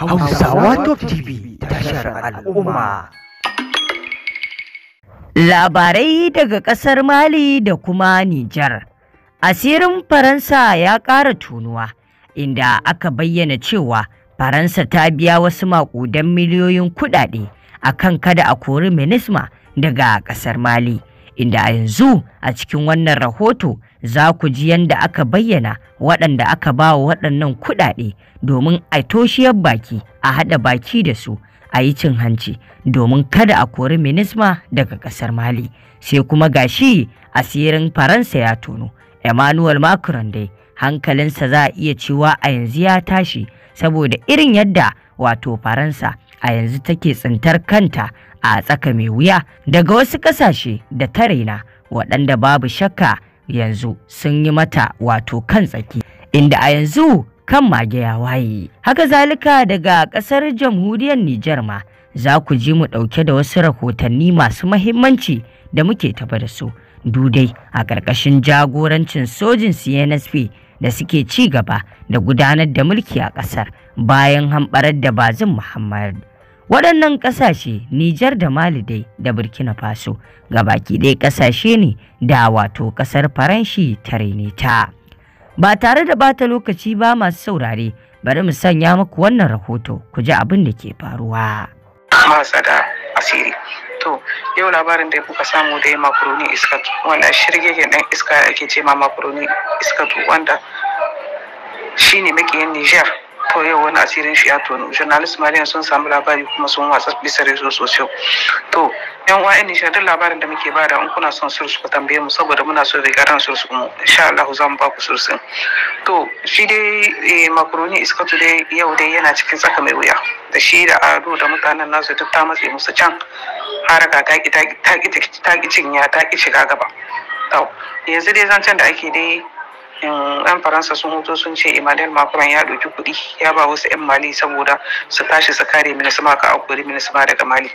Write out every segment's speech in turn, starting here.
Hausawa Top TV tashar al'umma. Labarai daga ƙasar Mali da kuma Nijar. Asirin Faransa ya ƙara tunuwa, inda aka bayyana cewa Faransa ta biya wasu maƙudan miliyoyin kuɗaɗe a kan kada a kori Minisma daga ƙasar Mali. Inda a yanzu a cikin wannan rahoto za ku ji yadda aka bayyana waɗanda aka ba wa waɗannan kuɗaɗe domin a toshiyar baki a haɗa baki da su a yi cin hanci domin kada a kori minisma daga ƙasar mali sai kuma gashi asirin faransa ya tono emmanuel macron dai hankalinsa za a iya cewa a yanzu ya tashi saboda irin yadda wato faransa a yanzu take tsintar kanta a tsaka mai wuya daga wasu ƙasashe da ta raina waɗanda babu shakka yanzu sun yi mata wato kan tsaki inda a yanzu kan mage ya waye haka zalika daga kasar jamhuriyar Nijar ma za ku ji mu ɗauke da wasu rahotanni masu mahimmanci da muke taba da su dudai a ƙarƙashin jagorancin sojin CNSP da suke ci gaba da gudanar da mulki a ƙasar bayan hamɓarar da bazin Muhammad Waɗannan ƙasashe Nijar da Mali dai da Burkina Faso ga baki ɗaya ƙasashe ne da wato ƙasar Faranshi ta rene ta. Ba tare da bata lokaci ba masu saurare bari mu sanya muku wannan rahoto ku ji abin da ke faruwa. Matsa asiri. To, yau labarin da kuka samu da makaroni iska wanda ke ɗan iska ake ce ma makaroni iskatu wanda shine makiyin Nijar. to yau wani asirin shi ya tono journalist mariyan sun samu labari kuma sun watsa bisa rezo sosai to yan uwa insha duk labarin da muke bada in kuna son sursu ku tambaye mu saboda muna so da garan sursu mu insha Allah za mu ba ku source to shi dai eh, makaroni iskatu dai yau dai yana cikin tsaka mai wuya da shi da ado da mutanen nasu ta ta matse musu can haraka ta ki ta ki ta ki ya ta ki shiga gaba yanzu dai zancen da ake dai 'yan faransa sun hoto sun ce emmanuel macron ya ɗauki kuɗi ya ba wasu 'yan mali saboda su tashi su kare minisma ka akwai minisma daga mali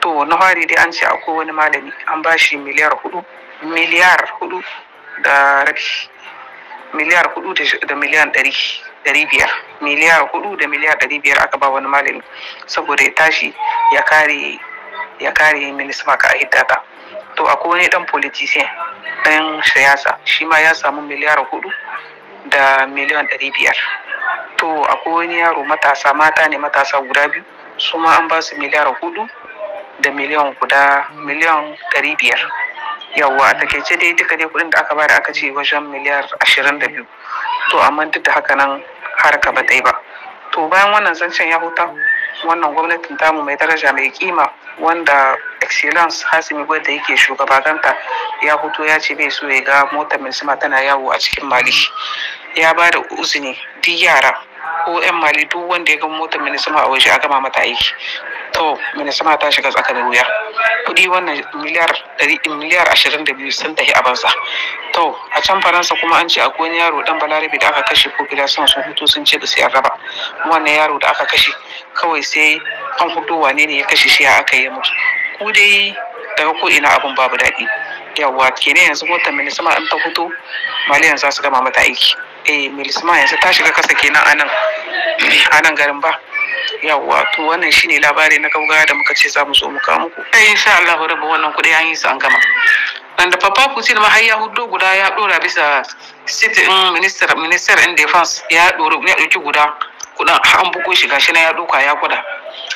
to na fari dai an ce akwai wani malami an ba shi miliyar hudu miliyar hudu da rabi miliyar hudu da miliyan ɗari ɗari biyar miliyar hudu da miliyar ɗari biyar aka ba wani malami saboda ya tashi ya kare ya kare minisma ka a hiddata to akwai wani dan politician dan siyasa shi ma ya samu miliyar hudu da miliyan ɗari biyar to akwai wani yaro matasa mata ne matasa guda biyu su ma an ba su miliyar hudu da miliyan guda miliyan ɗari biyar yawwa a takaice dai duka dai kuɗin da aka bada aka ce wajen miliyar ashirin da biyu to amma duk da haka nan harka ba yi ba to bayan wannan zancen ya huta wannan gwamnatin tamu mai daraja mai kima wanda excellence hasimi da yake shugabanta ya fito ya ce bai so ya ga mota minisma tana yawo a cikin mali ya ba da uzini duk yara ko 'yan mali duk wanda ya ga mota minisma a waje a gama mata aiki to minisma ta shiga tsakanin wuya kudi wannan miliyar miliyar ashirin da biyu sun tafi a banza to a can faransa kuma an ce a wani yaro dan balarabe da aka kashe ko gida sun sun hutu sun ce da sai raba wannan yaro da aka kashe kawai sai an fito wane ne ya kashe shi a aka yi mutu ku dai daga ko ina abin babu daɗi yawwa kenan yanzu motar milisma an ta fito maliyan za su gama mata aiki eh milisma yanzu ta shiga kasa kenan anan anan garin ba yawwa to wannan shine labari na kauga da muka ce za mu zo mu muku eh insha Allah rabu wannan kuɗi an yi su an gama wanda papa putin ma har ya hudu guda ya dora bisa city in minister minister in defense ya dora ya dauki guda kudan an buko shi gashi na ya doka ya gwada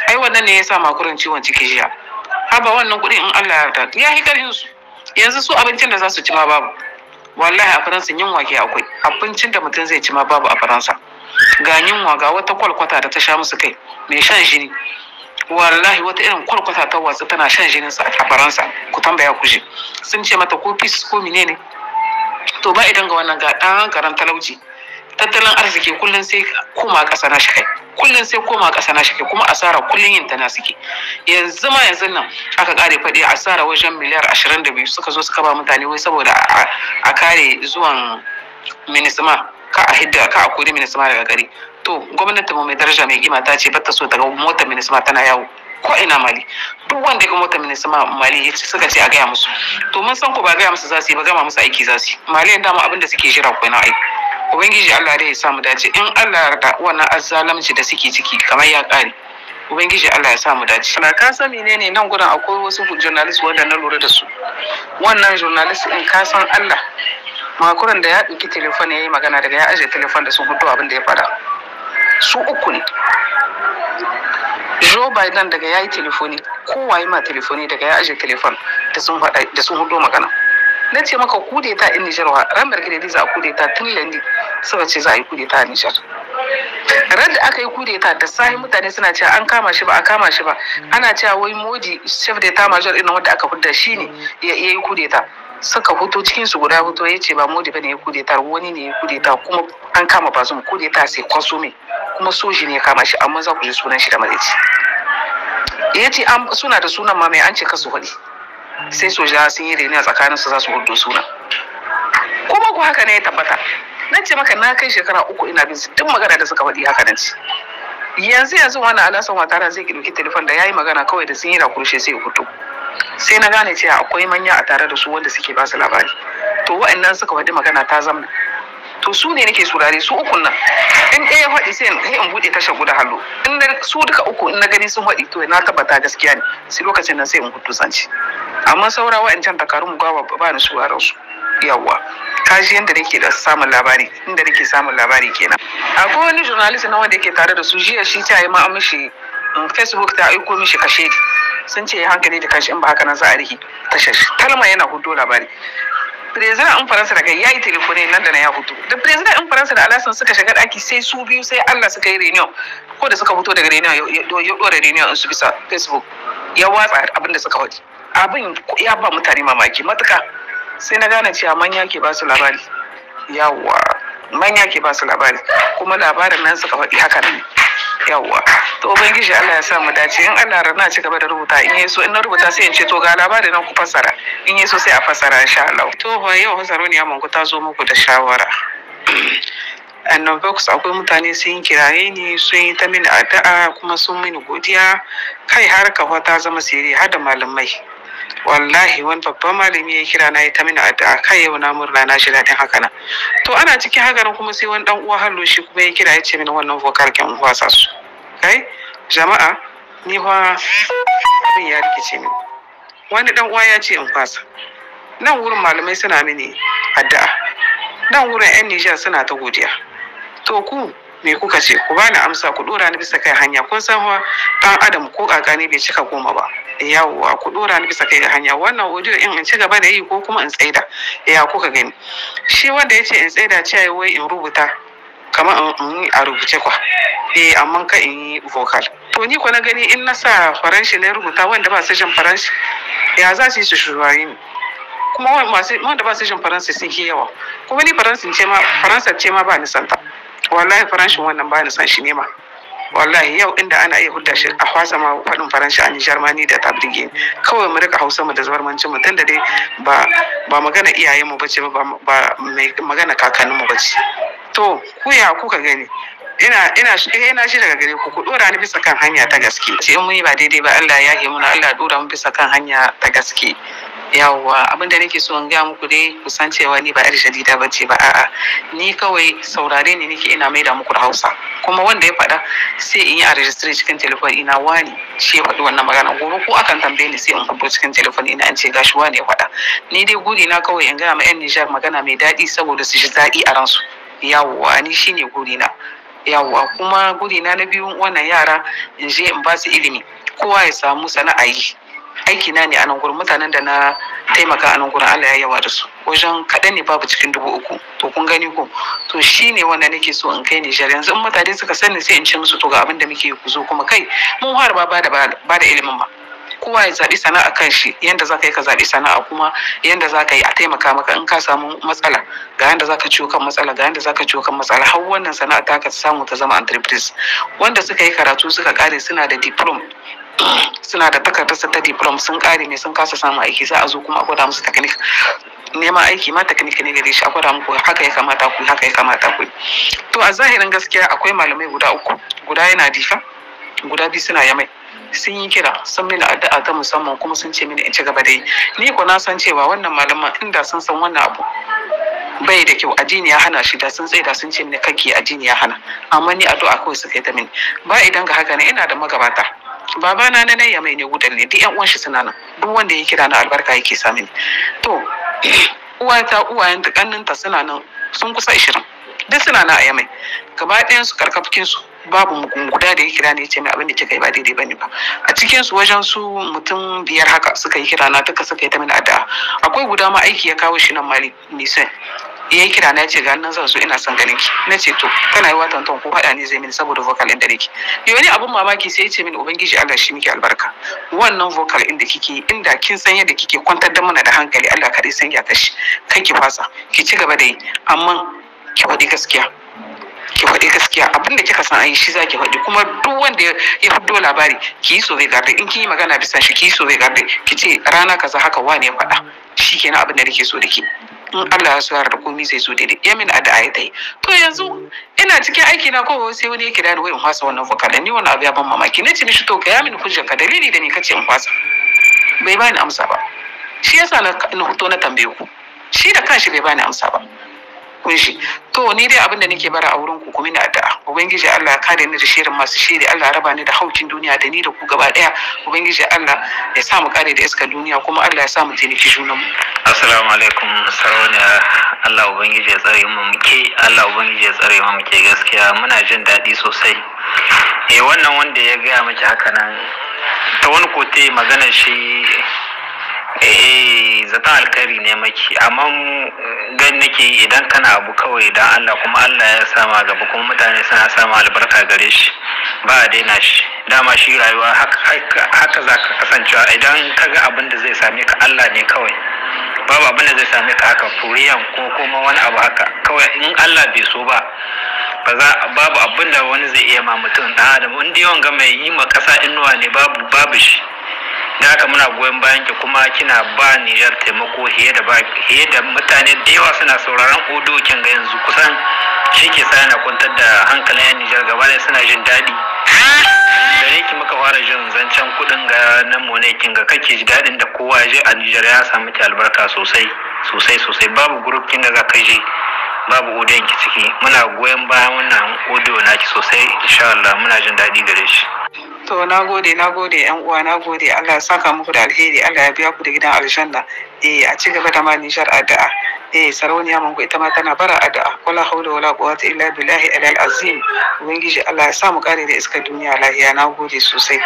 ai wannan ne ya sa makurin ciwon ciki jiya haba wannan kuɗi in Allah ya yarda ya hi karhin su yanzu su abincin da za su ci ma babu wallahi a faransa yunwa ke akwai abincin da mutum zai ci ma babu a faransa ga yin ga wata kwalkwata da ta sha musu kai mai shan jini wallahi wata irin kwalkwata ta watsa tana shan jinin sa a faransa ku tambaya ku ji sun ce mata ko fis ko menene to ba idan ga wannan ga dan karan talauci tattalin arziki kullun sai koma ƙasa na shi kai kullum sai koma ƙasa na shike kuma asara kullum yin ta na suke yanzu ma yanzu nan aka kare faɗi asara wajen miliyar 22 suka zo suka ba mutane wai saboda a kare zuwan minisma ka a hidda ka a kuri minisma daga gari to gwamnati mai daraja mai kima ta ce bata so ta ga motar minisma tana yawo ko ina mali duk wanda ga motar minisma mali ya ce suka ce a gaya musu to mun san ko ba gaya musu za yi ba gama musu aiki za su yi mali dama abin da suke jira ko ina aiki ubangiji Allah dai ya samu dace in Allah ya rada wannan azzalamci da suke ciki kamar ya kare ubangiji Allah ya samu dace na ka san menene nan gurin akwai wasu journalist wanda na lura da su wannan journalist in ka san Allah makuran da ya ɗauki telefon ya yi magana daga ya ajiye telefon da sun hudu abin da ya fada su uku ne Joe Biden daga ya yi telefoni kowaye ma telefoni daga ya ajiye telefon da sun hudu magana na ce maka kudeta in Nijar wa ran da za a kudeta tun Lendi suka ce za a yi kudeta a Nijar. Ran da aka yi kudeta da sahi mutane suna cewa an kama shi ba a kama shi ba ana cewa wai Modi chef de ta major ina wanda aka fudda shi ne ya yi kudeta. Suka hoto cikin su guda hoto ya ce ba Modi ba ne ya kudeta wani ne ya kudeta kuma an kama zuma kudeta sai kwanso kuma soji ne ya kama shi amma za ku ji sunan shi da maraici. Ya ce suna da sunan ma mai an ce kasu faɗi. sai soja sun yi reni a su za su hudu sunan. Kuma ku haka ne ya tabbata. nan ce maka na kai shekara uku ina bin duk magana da suka faɗi haka nan ce yanzu yanzu wani alasan watara zai ɗauki telefon da ya yi magana kawai da sun yi da kurshe sai ya fito sai na gane cewa akwai manya a tare da su wanda suke ba su labari to wa'annan suka faɗi magana ta zamna to su ne nake surare su uku nan in ɗaya ya faɗi sai in buɗe tashar guda hallo in su duka uku in na gani sun faɗi to na tabbata gaskiya ne sai lokacin nan sai in hutu zance amma saura wa'ancan takarun mu ba ni su yawa kaji yadda nake da samun labari inda nake samun labari kenan akwai wani journalist na wanda yake tare da su jiya shi ta yi ma mishi mm, facebook ta aiko mishi kashe sun ce eh, hankali da kashi in ba haka nan za a rike tashar talma yana hudu labari president in faransa daga yayi telefone nan da na ya hutu. da president in faransa da alasan suka shiga daki sai su biyu sai allah suka yi reunion ko da suka fito daga reunion ya dora reunion in su bisa facebook ya watsa abin da suka faɗi abin ya ba mutane mamaki matuka sai na gane cewa manya ke ba su labari yawwa manya ke ba su labari kuma labarin nan suka faɗi haka ne yawwa to ubangiji Allah ya sa mu dace in Allah rana ci gaba da rubuta in yaso in na rubuta sai in ce to ga labarin nan ku fassara in yaso sai a fasara insha Allah to ba yau ne mun ku ta zo muku da shawara annan box akwai mutane sun kiraye ni sun yi ta mini addu'a kuma sun mini godiya kai har kafa ta zama sirri har da malamai wallahi wani babban malami ya kira na ya ta mini addu'a kai yau na murna na shi daɗin haka nan to ana cikin hagarin kuma sai wani dan uwa hallo shi kuma ya kira ya ce mini wannan vokal kin uwa sa su kai jama'a ni fa abin ya rikice mini wani dan uwa ya ce in fasa nan wurin malamai suna mini addu'a nan wurin yan Nijar suna ta godiya to ku me kuka ce ku bani amsa ku dora ni bisa kai hanya kun san wa dan adam ko ne bai cika goma ba yawwa ku dora ni bisa kai ga hanya wannan audio in ci gaba da yi ko kuma in tsaida ya kuka gani shi wanda yace in tsaida ce wai in rubuta kamar in yi a rubuce kwa eh amma ka in yi vocal to ni ko na gani in na sa faranshi na rubuta wanda ba su jin faranshi ya za su yi su shuruwayi ni kuma wanda ba su jin faransa sun yi yawa kuma ni faransa ce ma ba ni santa wallahi faranshin wannan ba ni san shi ne ma wallahi yau inda ana iya hudda shi a kwasa ma faɗin faransa a jarmani da birge kawai mu rika hausa mu da zabarmancin mu tunda dai ba ba magana iyayen mu bace ba ba magana kakannin mu bace to ku ya kuka gani ina ina eh, ina shi daga gare ku ku dora ni bisa kan hanya ta gaske ce in mun yi ba daidai ba Allah ya yi muna Allah dora mu bisa kan hanya ta gaske yawwa abin da nake so in gaya muku dai ku san cewa ni ba yar jarida ba ce ba a'a ni kawai saurare ne nake ina maida muku da Hausa kuma wanda ya faɗa sai in yi a registry cikin telefon ina wani shi ya faɗi wannan magana gobe ko akan tambaye ni sai in fito cikin telefon ina an ce gashi wani ya faɗa ni dai guri na kawai in gaya ma yan Nijar magana mai daɗi saboda su ji daɗi a ransu yawwa ni shine guri na yawwa kuma guri na na biyu wannan yara in je in ba su ilimi kowa ya samu sana'a yi aiki na ne a nan gurin mutanen da na taimaka a nan gurin Allah ya yawa da su wajen kaɗan ne babu cikin dubu uku to kun gani ko to shi ne wanda nake so in kai Nijar yanzu in mutane suka sani sai in ci musu to ga abin da muke ku zo kuma kai mun har ba ba da ilimin ba kowa ya zaɓi sana'a kan shi yanda za ka yi ka zaɓi sana'a kuma yanda za ka yi a taimaka maka in ka samu matsala ga yanda za ka ciwo kan matsala ga yanda za ka ciwo kan matsala har wannan sana'a ta ka samu ta zama entrepreneurs wanda suka yi karatu suka kare suna da diploma suna da takardar ta diplom sun kare ne sun kasa samun aiki za a zo kuma a gwada musu technique neman aiki ma technique ne gare shi a gwada muku haka ya kamata ku haka ya kamata ku to a zahirin gaskiya akwai malamai guda uku guda yana difa guda biyu suna yamai sun yi kira sun mini addu'a ta musamman kuma sun ce mini in ci gaba da yi ni ko na san cewa wannan malaman inda sun san wannan abu bai da kyau addini ya hana shi da sun da sun ce mini kake addini ya hana amma ni addu'a kawai suka yi ta mini ba idan ga haka ne ina da magabata baba na na ya mai ne wudan ne duk yan uwan shi suna nan duk wanda ya kira na albarka yake sami ne to uwata uwayen ta kanninta suna nan sun kusa ishirin duk suna nan a yamai gaba ɗayan su karkafkin su babu guda da ya kira ne ce mai abin da kika yi ba daidai bane ba a cikin su wajen su mutum biyar haka suka yi kira na duka suka yi ta mini addu'a akwai guda ma aiki ya kawo shi nan mali nisan yayi kira na ce ga nan zan so ina son ganin ki na ce to kana yi watan ton ko hada ne zai mini saboda vocal din da nake ni wani abun mamaki sai ya ce mini ubangiji Allah shi miki albarka wannan vocal din da kike inda kin san yadda kike kwantar da mana da hankali Allah kaɗai san ya tashi kai ki fasa ki ci gaba da yi amma ki faɗi gaskiya ki faɗi gaskiya abinda kika san an yi shi zaki faɗi kuma duk wanda ya fito labari ki yi zai garde in kin yi magana bisa shi ki yi zai garde ki ce rana kaza haka wane ya faɗa kenan abin da nake so da ke in Allah ya so da komi zai zo daidai yamin a ta yi to yanzu ina cikin aiki na kowa sai wani yake da ni in fasa wannan fuka ni wani abu ya ban mamaki na ce mishi to ka yamin hujjar ka dalili da ni kace in fasa bai bani amsa ba shi yasa na to na tambaye ku shi da kanshi bai bani amsa ba kun shi to ni dai abin da nake bara a wurin ku kuma ina da ubangiji Allah kare ni da shirin masu shiri Allah raba ni da haukin duniya da ni da ku gaba daya ubangiji Allah ya sa mu kare da iska duniya kuma Allah ya sa mu taimaki junan mu assalamu alaikum sarauniya Allah ubangiji ya tsare mu muke Allah ubangiji ya tsare mu muke gaskiya muna jin daɗi sosai eh wannan wanda ya gaya miki haka nan ta wani kote magana shi eh zata alkhairi ne maki amma gan nake idan kana abu kawai idan Allah kuma Allah ya sama gaba kuma mutane suna sama albarka gare shi ba a daina shi dama shi rayuwa haka za ka kasancewa idan ka ga abin da zai same ka Allah ne kawai babu abin da zai same ka haka furiyan ko kuma wani abu haka kawai in Allah bai so ba ba za babu abin da wani zai iya ma mutum da adam yawan dai mai yi ma kasa inuwa ne babu babu shi da haka muna goyon bayan ki kuma kina ba Nijar taimako fiye da ba fiye da mutane da yawa suna sauraron odo kin ga yanzu kusan shi ke sa yana kwantar da hankalin yan Nijar gaba da suna jin daɗi dare ki muka fara jin zancen kuɗin ga nan mu ne kin ga kake ji daɗin da kowa ya je a Nijar ya samu ki albarka sosai sosai sosai babu group kin ga za ka je babu odon ki ciki muna goyon bayan wannan odo naki sosai insha Allah muna jin daɗi gare shi to na gode na gode yan uwa na gode Allah ya saka muku da alheri Allah ya biya ku da gidan aljanna eh a ci gaba da ma nishar addu'a eh sarauniya ku ita ma tana bara addu'a wala haula wala quwwata illa billahi alal azim ubangiji Allah ya sa mu kare da iskar duniya lahiya na gode sosai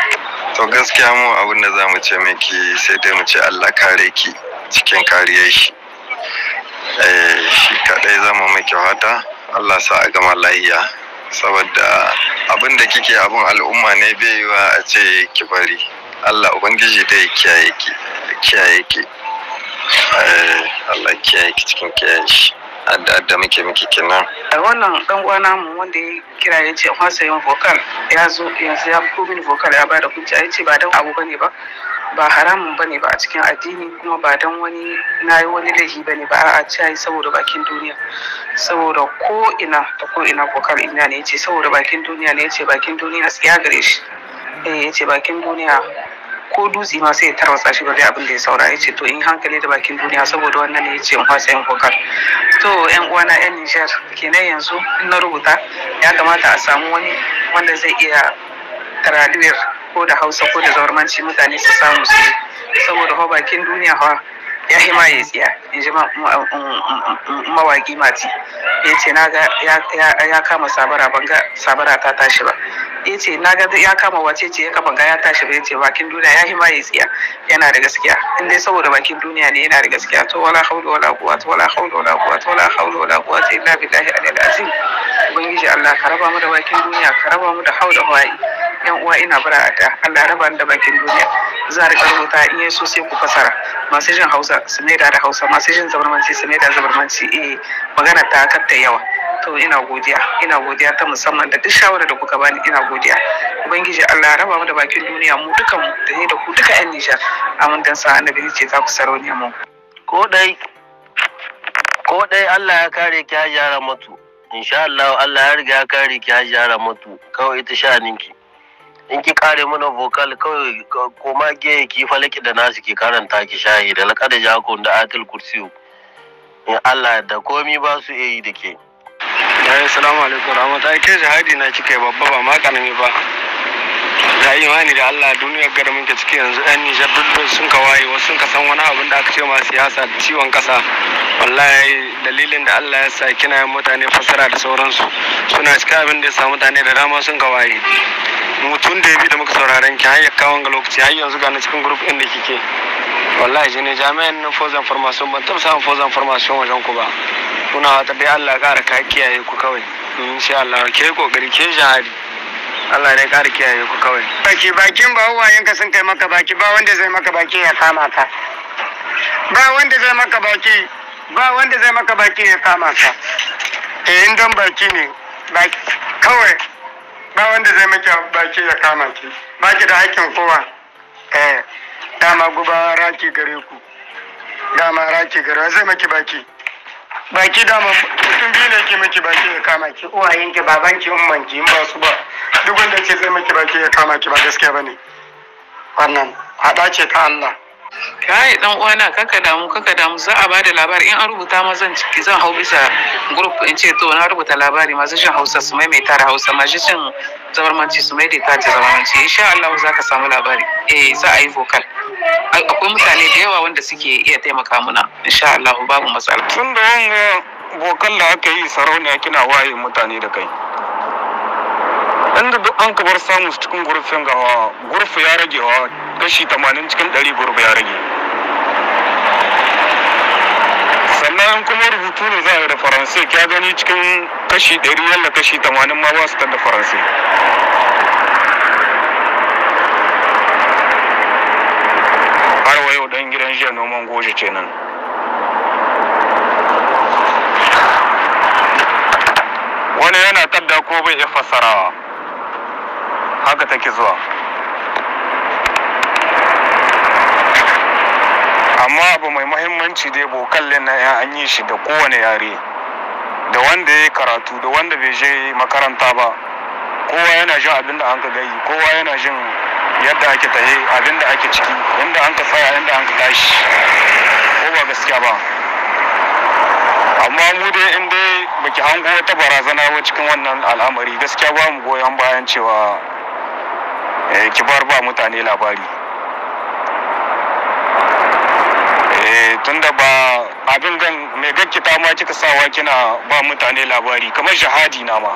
to gaskiya mu abin da zamu ce miki sai dai mu ce Allah kare ki cikin kariyar shi eh shi kadai zamu miki wata Allah sa a gama lahiya saboda abin da kike abin al'umma ne bai yiwa a ce ki bari Allah ubangiji dai kiyaye ki kiyaye ki eh, Allah kiyaye ki cikin kiyaye shi adda muke miki kenan eh, wannan dan uwana mu wanda ya kira ya ce fasa yin vocal ya zo yanzu ya fito vocal ya bada hujja ya ce ba dan abu bane ba ba haramun bane ba a cikin addini kuma ba don wani na yi wani laifi bane ba a ci saboda bakin duniya saboda ko ina da ko ina kokar ina ne yace saboda bakin duniya ne yace bakin duniya ya gare shi eh yace bakin duniya ko dutse ma sai ya tarwatsa shi ba dai abin da ya saura yace to in hankali da bakin duniya saboda wannan ne yace in fasa yin kokar to yan uwana yan Nijar kenan yanzu in na rubuta ya kamata a samu wani wanda zai iya taradiyar ko da hausa ko da zaurmanci mutane su samu su saboda ho bakin duniya ha ya hima ya tsiya in ji um, um, um, mawaƙi mati ya ce ya kama sabara banga sabara ta tashi ba ya ce na ga ya kama wace ce ya kama ga ya tashi ba ya ce bakin duniya ya hima ya tsiya yana da gaskiya in dai saboda bakin duniya ne yana da gaskiya to wala haulu wala to wala haulu wala to wala haulu wala quwwata illa billahi al-azim ubangiji Allah ka raba mu da bakin duniya ka raba mu da hau da hawaye yan uwa ina bara'ata Allah raba da bakin duniya za rika rubuta in yaso sai ku fasara masu jin Hausa su maida da Hausa masu jin zabarmanci su maida zabarmanci eh magana ta katta yawa to ina godiya ina godiya ta musamman da duk shawara da kuka bani ina godiya ubangiji Allah raba mu da bakin duniya mu dukan mu da da ku duka yan Nijar amin dan sa annabi ce za ku sarauniya mu ko dai ko dai Allah ya kare ki hajjara mutu insha Allah Allah ya riga ya kare ki hajjara mutu kawai ita sha ninki in ki kare mana vocal kawai koma ge ki falaki da nasu ki karanta ki shayi da laƙada jakun da atil kursiyu in Allah da komi ba su iya yi da ke. Yayin eh, salamu alaikum rahmatullahi ke jihadi na kika yi babba ba ma karami ba. Da imani da Allah duniyar garmin muke ciki yanzu ɗan Nijar duk sun ka waye wasu sun ka san wani abin da aka ce ma siyasa da ciwon kasa. Wallahi dalilin da Allah ya sa kina yin mutane fasara da sauransu suna cika abin da ya sa mutane da dama sun ka waye. mutum da ya bi da muka sauraren ki hanyar kawon ga lokaci har yanzu ga na cikin group inda kike wallahi shi ne jami'an na fozan farmasiyon ban taɓa samun fozan farmasiyon wajen ku ba Kuna wata dai Allah ya ƙara ka kiyaye ku kawai mm, insha Allah ke kokari ke jihari Allah ne ƙara kiyaye ku kawai baki bakin ba uwa ka sun kai maka baki ba wanda zai maka baki ya kama ka ba wanda zai maka baki ba wanda zai maka baki ya kama ka eh in don baki ne baki kawai ba wanda zai miki baki ya kama ki ba ki da hakkin kowa eh dama guba raki gare ku dama raki gare zai miki baki baki dama mutum biyu ne ke miki baki ya kama ki uwayen ki baban ki umman ki in ba su ba duk wanda ke zai miki baki ya kama ki ba gaskiya bane wannan hada ce ta Allah kai dan uwana kaka damu kaka damu za a bada labari in an rubuta ma zan ciki zan hau bisa group in ce to na rubuta labari ma zan Hausa su maimaita da Hausa masu jin zabarmanci su maimaita da zabarmanci insha Allah za ka samu labari eh za a yi vocal akwai mutane da yawa wanda suke iya taimaka muna insha Allah babu matsala tun da yan vocal da aka yi sarauniya kina waye mutane da kai inda duk an kabar samu cikin gurfin gawa ah, gurfi ya rage wa kashi 80 cikin 100 gurbi ya rage sannan kuma rubutu ne za a yi da faransai kya gani cikin kashi 100 yalla kashi 80 ma ba su da faransai har wa yau dan gidan jiya noman goje ce nan wani yana tadda ko bai ya fassarawa haka take zuwa amma abu mai mahimmanci dai bokallin na ya an yi shi da kowane yare da wanda ya karatu da wanda bai je makaranta ba kowa yana jin abin da an ka gayi kowa yana jin yadda ake tahe abin da ake ciki inda an ka tsaya inda an ka tashi ko ba gaskiya ba amma mu dai in dai baki hango wata barazana ba cikin wannan al'amari gaskiya ba mu goyon bayan cewa eh, ki bar ba mutane labari tunda ba abin gan mai gaggita ma kika sawa kina ba mutane labari kamar jihadi na ma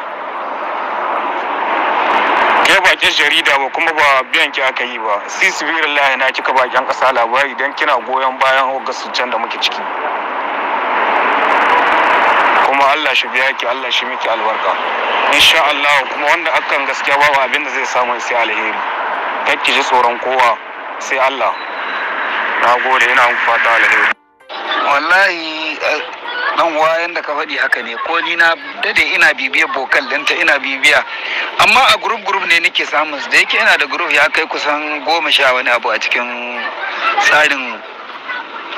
ke bakin jarida ba kuma ba biyan ki aka yi ba si sisibirin na kika bakin kasa labari don kina goyon bayan can da muke ciki kuma allah shi biya ki allah shi miki albarka insha allah kuma wanda akan gaskiya babu abin da zai samu sai alheri kakki ji tsoron kowa sai allah na gode ina muku fata alheri wallahi eh, dan uwa yanda ka faɗi haka ne ko ni na dade ina bibiya bokal ɗinta ina bibiya amma a group group ne nake samun da yake ina da group ya kai kusan goma sha wani abu a cikin tsarin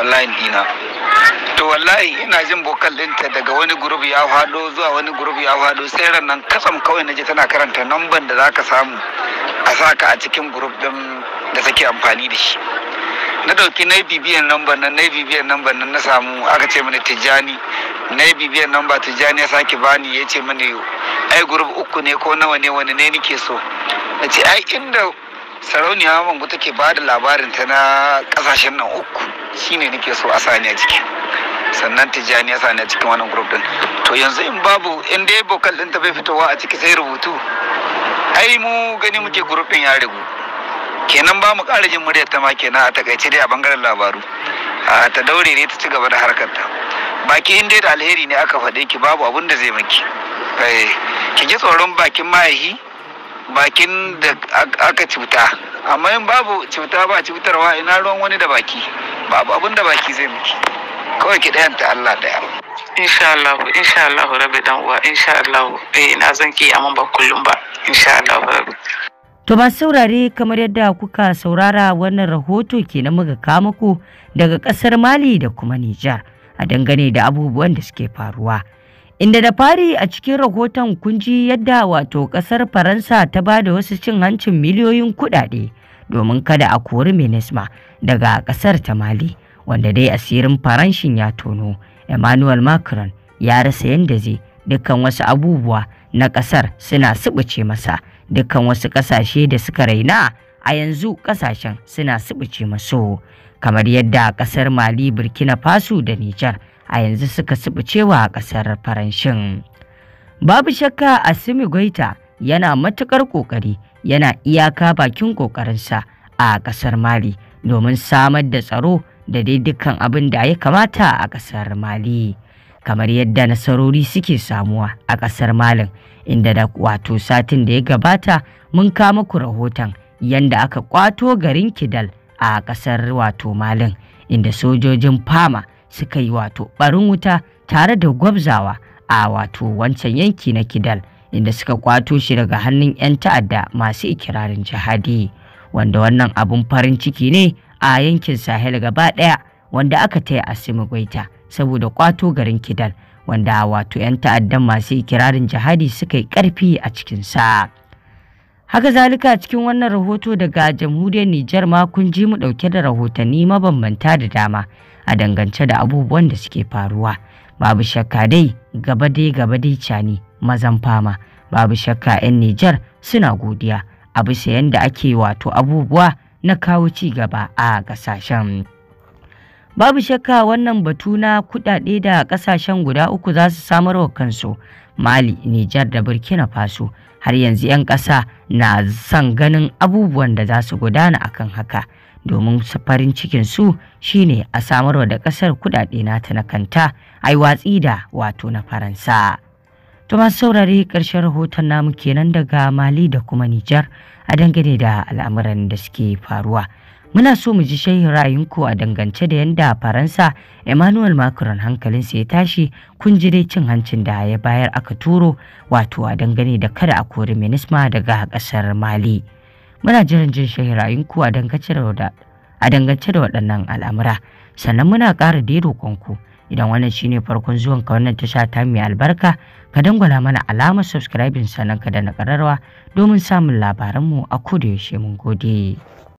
online dina to wallahi ina jin bokal ɗinta daga wani group ya hado zuwa wani group ya hado sai ran nan kasam kawai naje tana karanta number da zaka samu a saka a cikin group din da take amfani da shi na ɗauki na bibiyan namba nan na bibiyan namba nan na samu aka ce mana tijjani na bibiyan namba tijjani ya sake bani ya ce yau ai gurub uku ne ko nawa ne wani ne nike so na ce ai inda sarauniya mangu take ba da labarin ta na kasashen nan uku shine nake so a sani a ciki sannan tijjani ya sani a cikin wannan group din to yanzu in babu in dai bokal din ta bai fitowa a ciki sai rubutu ai mu gani muke gurufin ya rigu kenan ba mu ƙara jin muryar ta ma kenan a takaice dai a bangaren labaru ta daure ne ta ci gaba da harkar ta baki in dai da alheri ne aka faɗe ki babu abin da zai maki eh, ki ji tsoron bakin mayahi bakin da aka cuta amma in babu cuta ba cutarwa ina ruwan wani da baki babu abin da baki zai maki kawai ki ɗayan ta Allah ɗaya insha Allah insha Allah rabbi dan uwa insha Allah eh ina zan ki amma ba kullum ba insha Allah rabbi To ba saurare kamar yadda kuka saurara wannan rahoto ke muka kawo kamako daga ƙasar Mali da kuma Nijar a dangane da abubuwan da suke faruwa. Inda da fari a cikin rahoton kun yadda wato ƙasar Faransa ta ba da wasu cin hancin miliyoyin kuɗaɗe domin kada a kori Minisma daga ƙasar ta Mali wanda dai asirin Faranshin ya tono. Emmanuel Macron ya rasa yadda zai dukkan wasu abubuwa na ƙasar suna masa. dukkan wasu ƙasashe da suka raina a yanzu ƙasashen suna subuce masu kamar yadda ƙasar mali burkina faso da nijar a yanzu suka subuce wa ƙasar faranshin babu shakka asimi goita yana matuƙar ƙoƙari yana iyaka bakin ƙoƙarinsa a ƙasar mali domin samar da tsaro da dai dukkan abin da ya kamata a ƙasar mali kamar yadda nasarori suke samuwa a ƙasar Malin inda da wato satin da ya gabata mun kama ku rahoton yadda aka kwato garin Kidal a ƙasar wato Malin inda sojojin fama suka yi wato ɓarin wuta tare da gwabzawa a wato wancan yanki na Kidal inda suka kwato shi daga hannun 'yan ta'adda masu ikirarin jihadi wanda wannan abun farin ciki ne a yankin Sahel gaba ɗaya wanda aka taya Asimi Gwaita saboda kwato garin Kidal wanda wato 'yan ta'addan masu ikirarin jihadi suka yi ƙarfi a cikinsa. Haka zalika cikin wannan rahoto daga jamhuriyar Nijar ma kun ji mu ɗauke da rahotanni mabambanta da dama a dangance da abubuwan da suke faruwa. Babu shakka dai gaba dai gaba dai cani mazan fama. Babu shakka 'yan Nijar suna godiya a bisa yadda ake wato abubuwa na kawo ci gaba a gasashen. Babu shakka wannan batu na kudade da kasashen guda uku za su samar wa kansu Mali, Nijar da Burkina Faso har yanzu 'yan ƙasa na san ganin abubuwan da za su gudana akan haka domin farin cikin su shine a samarwa da ƙasar kudade nata na kanta ai watsi da wato na Faransa. To masu saurare ƙarshen rahoton namu kenan daga Mali da kuma Nijar a dangane da al'amuran da suke faruwa. Muna so mu ji shahin ra'ayinku a dangance da yadda Faransa Emmanuel Macron hankalinsa ya tashi kun ji dai cin hancin da ya bayar aka turo wato a dangane da kada a kori Minisma daga kasar Mali. Muna jiran jin shahin ra'ayinku a dangance da waɗannan al'amura. Sannan muna ƙara da roƙonku idan wannan shine farkon zuwan ka wannan tasha ta mai albarka ka dangwala mana alamar subscribing sannan ka da na ƙararwa domin samun labaranmu a kodayaushe mun gode.